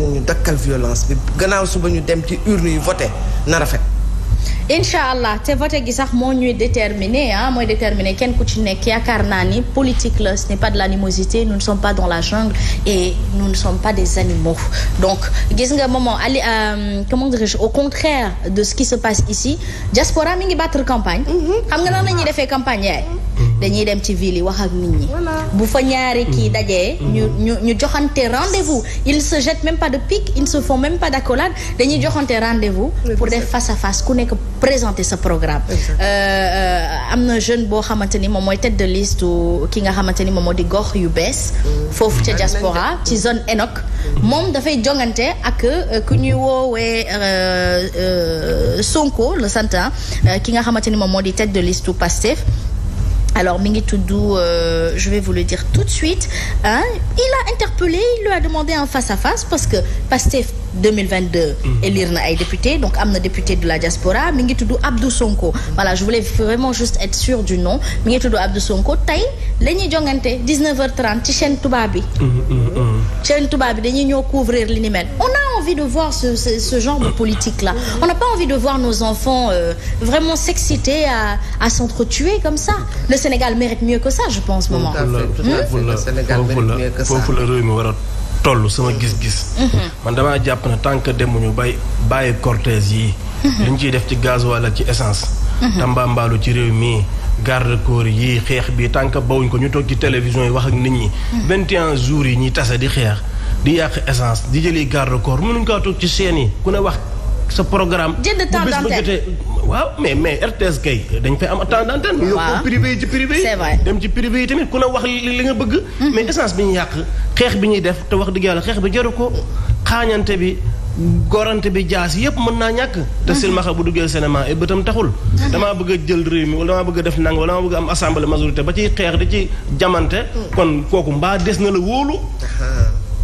ñu violence bi gannaaw suba ñu dem ci urne yi voter na rafet. inshallah té voter gi sax mo ñuy déterminer ah mooy déterminer kenn ku ci nekk yaakaar ni politique la ce n'est pas de l'animosité nous ne sommes pas dans la jungle et nous ne sommes pas des animaux donc gis nga moment ali euh, comment dirais-je au contraire de ce qui se passe ici diaspora mi ngi battre campagne. Mhm. xam nga nan la défé campagne yaay dañuy dem ci ville yi wax ak nit ñi bu fa ñaari kii hmm. dajee hmm. ñu ñu joxante rendez-vous ils se jettent même pas de pique ils se font même pas d'accolade dañuy hmm. joxante rendez-vous pour def face à face ku nekk présenter sa programme euh, euh, am na jeune boo xamante ni moom mooy tête de liste ki nga xamante ni moom moo di gox yu bees foofu ca diaspora ci zone Enoch moom dafay jongante ak euh, ku ñuy woowee Sonko le santa hein, ki nga xamante ni moom moo di tête de liste Pastef alors Mingi euh, je vais vous le dire tout de suite, hein. il a interpellé, il lui a demandé en face-à-face parce que PASTEF 2022 il est député donc il député de la diaspora Mingitudou Dou Abdou Sonko voilà je voulais vraiment juste être sûr du nom Mingitoudou Abdou Sonko Taï, 19h30 ci Toubabi. tubaab bi mhm, mhm, mhm. chaîne tubaab bi couvrir on on pas envie de voir ce, genre de politique-là. On n'a pas envie de voir nos enfants euh, vraiment s'exciter à, s'entretuer comme ça. Le Sénégal mérite mieux que ça, je pense, maman. garde corps yi xeex bi tànk bawuñ ko ñu toog ci télévision yi wax ak nit ñi. 21 jours yi ñuy tase di xeex di yàq essence di jëli garde corps mënuñ kaa toog ci seen yi ku ne wax sa programme. jënd temps d'antenne bu bés ba jotee waaw mais mais RTS kay dañ fay am temps d'antenne. waaw yokk privé yi ci privé yi. dem ci privé yi tamit ku ne wax li nga bëgg. Mm-hmm. mais essence bi ñu yàq xeex bi ñuy def te wax dëgg yàlla xeex bi jaru ko xaañante bi. gorante bi jaas yëpp mën naa ñàkk te silmaxa bu duggee cinéma et bëtam taxul dama bëgg a jël réew mi wala dama bëgg a def nang wala dama bëgg am assemblée majorité ba ci xeex di ci jamante kon kooku mbaa des na la wóolu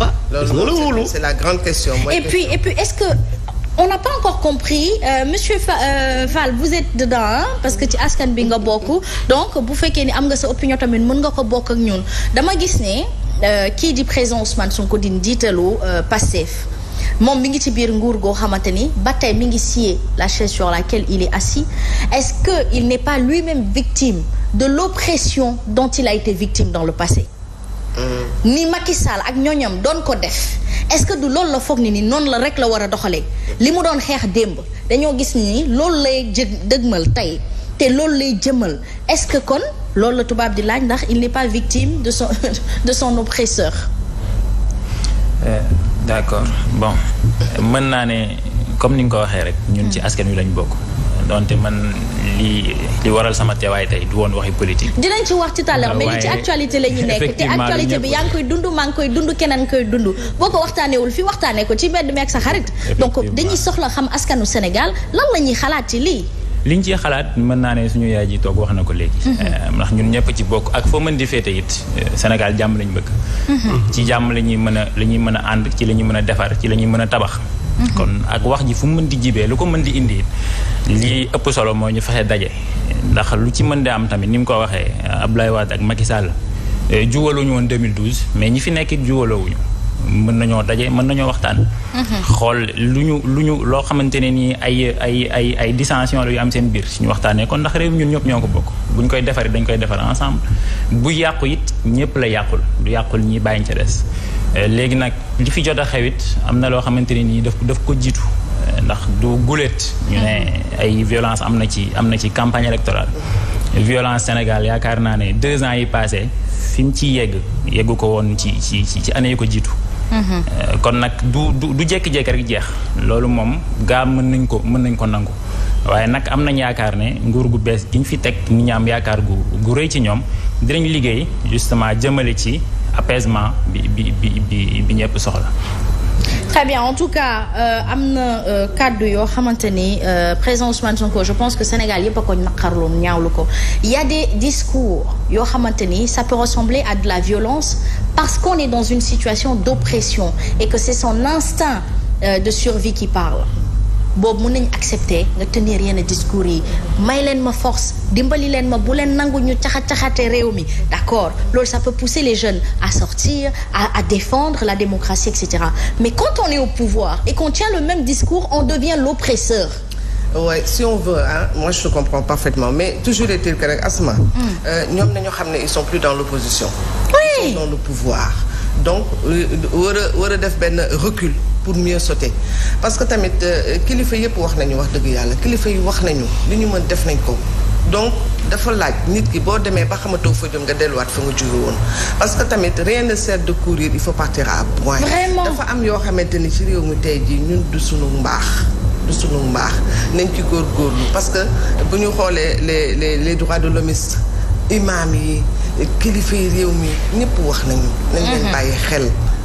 ah, na la wóolu c'est la grande question et puis et puis est-ce que on n'a pas encore compris euh, monsieur Val euh, vous êtes dedans hein? parce que ci askan bi nga bokk donc bu fekkee ni am nga sa opinion tamit mën nga ko bokk ak ñun dama gis ne euh, kii di présent Ousmane Sonko di njiitalu euh, passef. Mon mi ngi ci bir nguur go la chaise sur laquelle il est assis est-ce que il n'est pas lui-même victime de l'oppression dont il a été victime dans le passé hmm. ni Macky Sall ak kodef. ko def est-ce que du l'eau la foog ni ni la rek la wara doxale limu don xex doon dañu gis ni loolu lay lay est-ce que kon l'eau la tubab di laaj ndax il n'est pas victime de son de son oppresseur. Euh, d'accord bon mën naa ne comme ni nga ko waxee rek ñun ci askan wi lañ bokk donte man li li waral sama teewaay tey du woon waxi politique. dinañ ci wax ci tàllam mais li ci actualité la nekk te actualité bi yaa ngi koy dund maa ngi koy dund keneen koy dund boo ko waxtaaneewul fi waxtaanee ko ci mbedd meeg sa xarit donc dañuy soxla xam askanu Sénégal lan la ñuy xalaat ci lii liñ ciy xalaat mën naa ne suñu yaay ji toog wax na ko léegi. Mhm. Eh, ndax ñun ñëpp ci bokk ak foo mën di féete it eh, Sénégal jàmm lañ bëgg. Mhm. ci jàmm la ñuy mën a la ñuy mën a ànd ci la ñuy mën a defar ci la ñuy mën a tabax. Mhm. kon ak wax ji fu mu mën di jibee lu ko mën di indi it lii ëpp solo moo ñu fexe daje. ndax lu ci mën di am tamit ni mu ko waxee Abdoulaye Wade ak Macky Sall eh, juwaluñu woon 2012 mais ñi fi nekk it juwaloo wuñu mën nañoo daje mën nañoo waxtaan. Mhm. xool lu ñu lu ñu loo xamante ne nii ay ay ay ay dissension la am seen biir suñu waxtaanee kon ndax réew ñun ñëpp ñoo ko bokk buñ koy defaree dañ koy defar ensemble bu yàqu it ñëpp la yàqul du yàqul ñi bàyyiñ ca des. Euh, léegi nag li fi jot a xewit am na loo xamante ne nii daf daf ko jiitu euh, ndax du guléet ñu ne mhm. ay violence am na ci am na ci campagne électorale violence Sénégal yaakaar naa ne deux ans yi passé fi mu ci yegg yeggu ko woon ci ci ci année yi ko jiitu Euh, kon nag du du du jékki-jékki rek jeex loolu moom gaa mën nañ ko mën nañ ko nangu waaye nag am nañ yaakaar ne nguur gu bees gi ñu fi teg nit ñi yaakaar gu gu rëy ci ñoom dinañu liggéey justement jëmale ci apaisement bi bi bi bi ñëpp soxla bien en tout cas euh, am cadre euh, yo xamanteni euh, présence présence je pense que Sénégal yépp ko ñawlu ko il y a des discours yo ça peut ressembler à de la violence parce qu'on est dans une situation d'oppression et que c'est son instinct de survie qui parle bob mën accepter nga tenir de discours yi may ma force dimbali len ma bu len nangu ñu taxa mi d'accord loolu ça peut pousser les jeunes à sortir à à défendre la démocratie etc. mais quand on est au pouvoir et qu'on tient le même discours on devient l'oppresseur ouais si on veut hein moi je comprends parfaitement mais toujours est-il que Asma. Hmm. Euh, ñoom nañu ne ils sont plus dans l'opposition oui ils sont dans le pouvoir donc war a faire un recul pour mieux sauter parce que tamit pour euh, yëpp wax nañu wax dëgg yàlla kilifa qu'il wax nañu li ñu mën def nañ ko. donc dafa laaj nit ki boo demee ba xamatoo fa jëm nga delluwaat fa nga jóge woon parce que tamit rien sedd sert de courir il faut partir à point dafa am yoo xamante ni ci réew mi tey jii ñun du sunu mbaax du sunu mbaax nañ ci góorgóorlu parce que bu ñu xoolee les les les droits de l'hommiste yi kilifa yi réew mi ñëpp wax nañu nañ leen mhm. bàyyi xel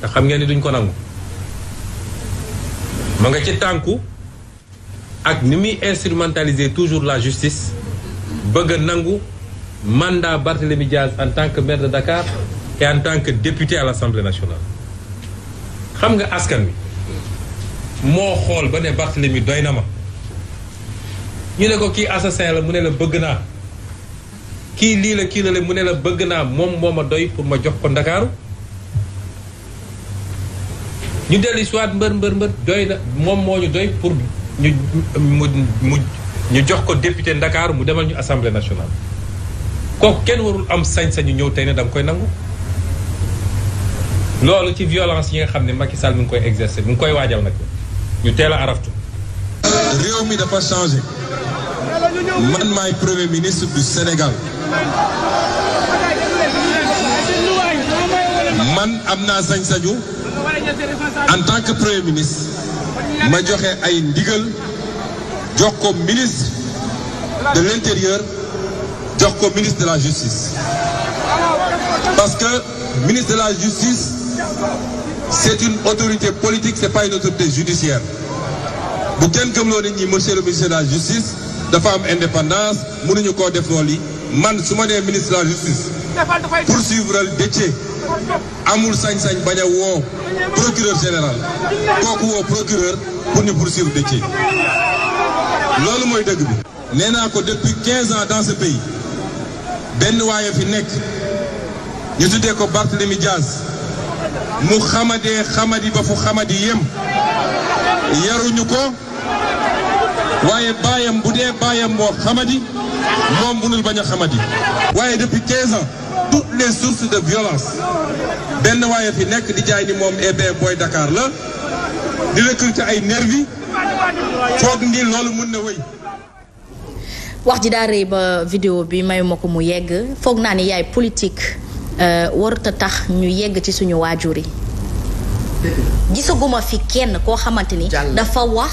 te xam ngeen ni duñ ko nangu ma nga ci tànku ak ni muy instrumentaliser toujours la justice bëgg nangu mandat Barthélémy Diaz en tant que maire de Dakar et en tant que député à l'Assemblée nationale xam nga askan wi moo xool ba ne Barthélémy doy na ma ñu ne ko kii assassin la mu ne la bëgg naa kii lii la kii la la mu ne la bëgg naa moom moo ma doy pour ma jox ko Dakar ñu dellu si mbër mbër mbër doy na moom moo ñu doy pour ñu mu ñu jox ko député Ndakaaru mu demal ñu assemblée nationale kooku kenn warul am sañ-sañu ñëw tey ne da koy nangu loolu ci violence yi nga xam ne Macky Sall mi ngi koy exercer mi ngi koy waajal nag ñu teel a araftu réew mi dafa changé man maay premier ministre du Sénégal man am naa sañ-sañu en tant que premier ministre ma suis ay ministre de l'intérieur jox ko ministre de la justice parce que ministre de la justice c'est une autorité politique c'est pas une autorité judiciaire vous kenn comme nit ñi monsieur le ministre de la justice de femme indépendance mënuñu suis def ministre de la justice pour suivre le déchet. Amoul sañ-sañ bañ wo procureur général kooku wo procureur pour nous poursuivre Déthié lolu moy deug bi. néna ko depuis 15 ans dans ce pays ben waye fi nek ñu tuddé ko Barthélemy Diaz mu xamadee xamadi ba fu xamadi yem yaruñu ko waye bayam budé bayam mo xamadi moom mënul bañ a xamadi. waye depuis 15 ans. toutes les sources de violence benn waaye fi nekk di jaay ni moom EB booy Dakar la di recruter ay nervi foog ni loolu mën na wéy. wax ji daa rëy ba vidéo bi mayuma ko mu yegg foog naa ni yaay politique euh, warut a tax ñu yegg ci suñu waajur yi. gisaguma fi kenn koo xamante ni. dafa wax.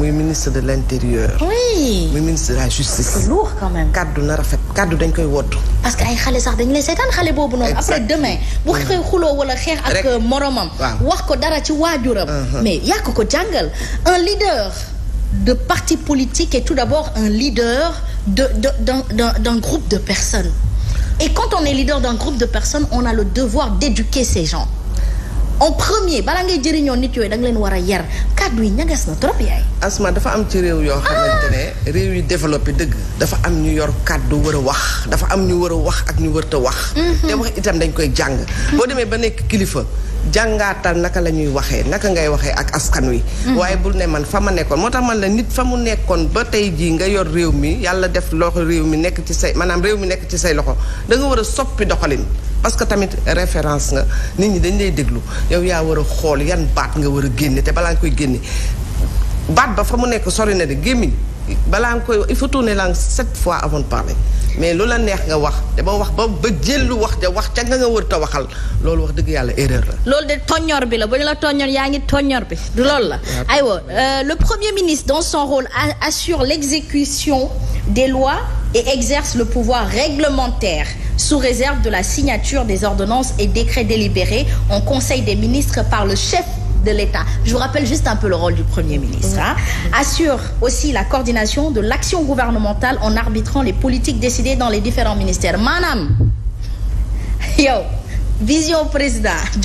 Oui, ministre de l'Intérieur, oui ministre de la justice. c'est lourd quand même. kaddu na rafet kaddu dañ koy wodd. parce que ay xale sax dañ lay seetaan xale boobu noonu. après demain bu mm. xëy xuloo wala xeex ak euh, moromam. wax ko dara ci waajuram. Uh-huh. mais il ko a un leader. de parti politique est tout d'abord un leader d'un groupe de personnes. Et quand on est leader d'un groupe de personnes, on a le devoir d'éduquer ces gens. en premier balaa ngay jëriñoo nit yooyu da leen war a yar kàddu yi ñagas na trop yaay. asma dafa am ci réew yoo xamante ne réew yu développé dëgg. dafa am ñu yor kàddu war a wax dafa am ñu war a wax ak ñu wërta wax. Mm-hmm. te wax itam dañ koy jàng. boo demee ba nekk kilifa. jàngaatal naka la ñuy waxee naka ngay waxee ak askan wi. Mhm. waaye bul ne man fa ma nekkoon moo tax man la nit fa mu nekkoon ba tey jii nga yor réew mi yàlla def loxo réew mi nekk ci say manaam réew mi nekk ci say loxo danga nga war a soppi doxalin. parce que tamit référence nga nit ñi dañ lay déglu yow yaa war a xool yan baat nga war a génne te balaa nga koy génne baat ba fa mu nekk sori na de gémmiñ il faut tourner langue sept fois avant de parler mais lola neex nga wax ba wax ba ba jëllu wax ja wax ca nga nga ta waxal loolu wax deug yalla erreur la. loolu de tognor bi la bu la tognor yaa ngi toññor bi du loolu la. wa euh, le premier ministre dans son rôle assure l'exécution des lois et exerce le pouvoir réglementaire sous réserve de la signature des ordonnances et décrets délibérés en conseil des ministres par le chef de l'État. Je vous rappelle juste un peu le rôle du Premier ministre. Hein. Assure aussi la coordination de l'action gouvernementale en arbitrant les politiques décidées dans les différents ministères. Madame. yo, vision président.